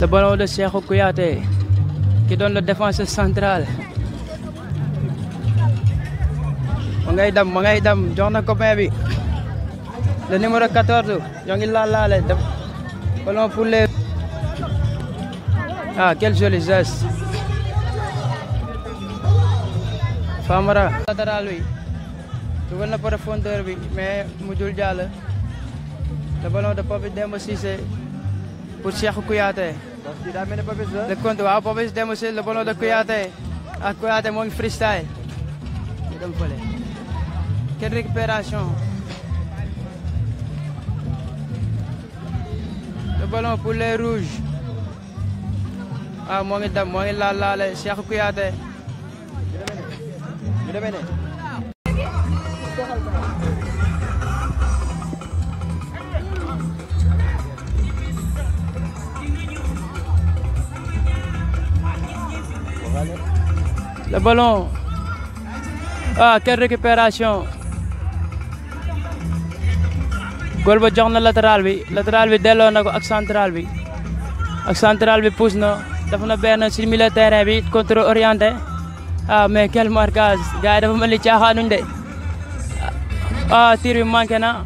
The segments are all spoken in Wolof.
Le ballon de Cheikhou Kouyaté qui donne le défenseur central. ma ngay dem ma dem jox na copain bi le numéro 14 ñoo ngi laal laale def ballon pour les. ah quel joli geste. Famara. latéral bi dugal na profondeur bi mais mujjul jàll le ballon de Pape Demba Cissé pour Cheikhou Kouyaté. Quando há pobres demos ele bono da cuiate, a cuiate mong freestyle. Então foi. Que recuperação. Le ballon pour les rouges. Ah, mong da mong la la le sia cuiate. Mira bene. Mira bene. Le ballon. Ah, quelle gol ba jox na latéral bi latéral bi delloo na ko ak central bi ak central bi pousse na def na benn si milieu terrain bi contre orienté ah mais quel marquage gars dafa mel ni de ah tir bi manqué na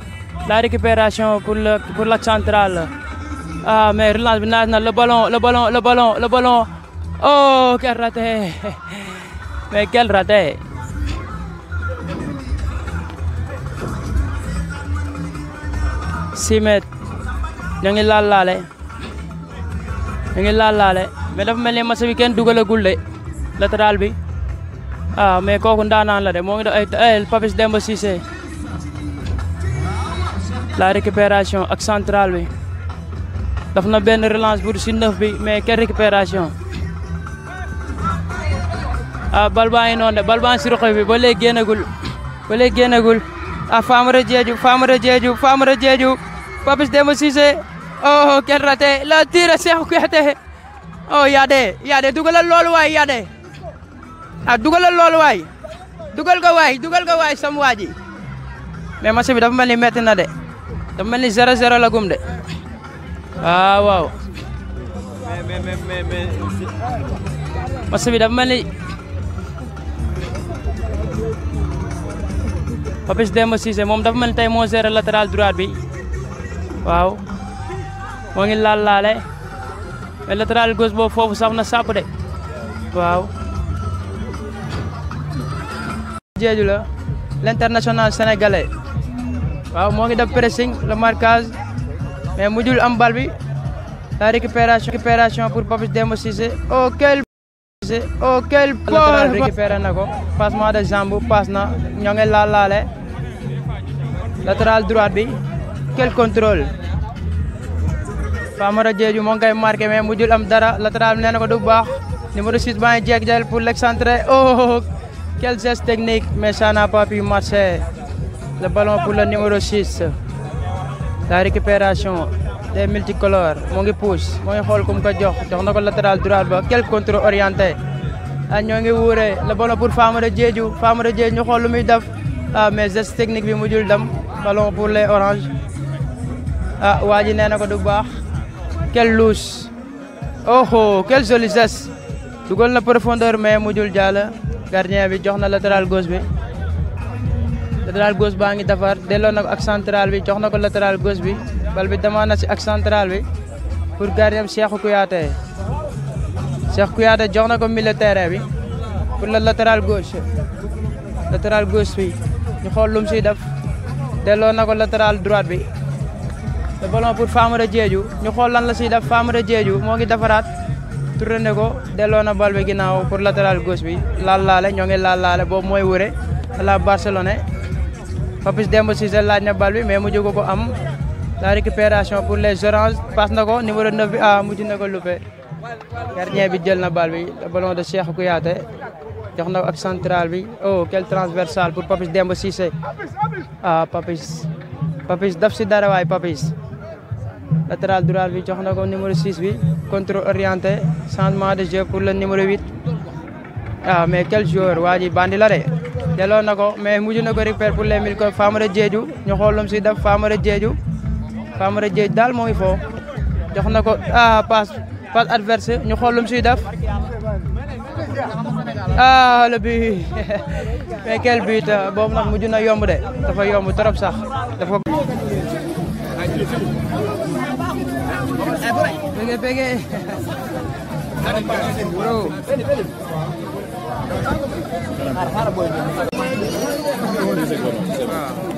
la récupération pour le pour l'axe central ah bi naaj na le ballon le ballon le ballon le ballon oh वह क्या रहता है सीमेत ನಂಗೆ ಲಾಲೆ ನಂಗೆ ಲಾಲೆ ಮೇಲೆ ಮೇಲೆ ಮಸ ವಿಕೆನ್ ಡುಗಲ ಗುಳ್ಳೆ ಲತರಾಲ್ ಬಿ ಆ ಮೇ ಕೋ ಕುಂಡಾ ನಾನ್ಲರೆ ಮೋಂಗಿಡ ಎಲ್ ಪಪಿಸ್ ದೆಂಬ ಸೀಸೆ La récupération, axe central, oui. Daf na ben relance pour 19 bi mais quelle récupération ah bal baa ngi noon de bal a ngi si roxo bi ba léegi génnagul ba léegi génnagul ah Famara Diédhiou Famara Diédhiou Famara Diédhiou Papis Demba Cissé oh kenn raté la tiré Cheikhou Kouyaté oh Yadé Yadé dugalal loolu waay Yadé ah dugalal loolu waay dugal ko waay dugal ko waay sam waa ji mais match bi dafa mel ni métti na de dafa mel ni 0-0 la de waaw ah, waaw. mais mais mais mais. match dafa mel ni. Papis Demba Cissé moom dafa mel ni tey moo géré latéral droite bi waaw moo ngi lal laale mais latéral gauche boobu foofu saf na sàpp de waaw. Diédhiou la l'international sénégalais waaw moo ngi def pressing le marquage mais mujjul am bal bi la récupération pour Papis Demba Cissé oh quel Oh, quel pauvre! récupéré nako passement de jambe passe na ñoo ngi laal laale latéral droite bi quel contrôle Famara Diédhiou moo ngi koy marqué mais mujjul am dara latéral bi nee na ko du baax numéro 6 baa ngi jeeg jël pour l'excentré oh quel geste technique mais ça n'a pas pu marcher le ballon pour le numéro 6 la récupération de multicolores mu ngi pousse mu ngi xool ku mu ko jox jox na ko latéral droit ba quel contre orienté a ah, ñoo ngi wuure le ballon pour Famara Diédhiou Famara Diédhiou ñu xool lu muy def ah mais technique bi mujjul dem ballon pour les oranges ah waa ji nee na ko du baax quel louche oh oh joli geste dugal na profondeur mais mujjul jàll gardien bi jox na latéral goos bi latéral gauche baa ngi defar delloo na ko ak central bi jox na ko latéral gauche bi bal bi demaat na si ak central bi pour gardien Cheikhou Kouyaté Cheikh Kouyaté jox na ko milieu terrain bi pour le latéral gauche latéral gauche bi ñu xool lu mu siy def delloo na ko latéral droite bi le ballon pour Famara Diédhiou ñu xool lan la siy def Famara Diédhiou moo ngi defaraat tourné ko delloo na bal bi ginnaaw pour latéral gauche bi laal laale ñoo ngi laal laale boobu mooy wure la Barcelone Papis Demba Cissé laaj na bal bi mais mu jóg ko am la récupération pour les oranges passe na ko numéro 9 bi ah mujj na ko loupé gardien bi jël na balle bi le ballon de Cheikh Kouyaté jox na ko central bi oh quel transversal pour Papis Demba Cissé ah Papis Papis daf si dara waay Papis latéral droit bi jox na ko numéro 6 bi contrôle orienté changement de jeu pour le numéro 8 ah mais quel joueur waa ji bandi la de delloo na ko mais mujj na ko récupérer pour les mille ko Famara Diédhiou ñu xool lu def Famara Diédhiou Famara Diédj daal mooy foo jox na ko ah passe passe adverse ñu xool lu mu siy def ah le but mais euh, boobu nag mujj na yomb de dafa yomb trop sax dafa. pege pege bro.